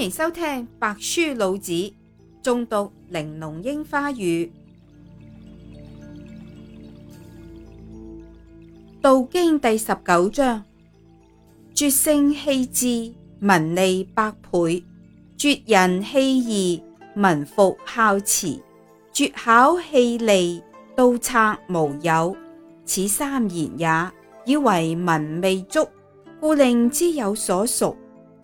歡迎收聽《帛書老子》，誦讀《玲瓏櫻花雨》。道經第十九章：絕聖棄智，民利百倍；絕仁棄義，民復孝慈；絕巧棄利，盜賊無有。此三言也，以為文未足，故令之有所屬。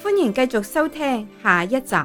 歡迎繼續收聽下一集。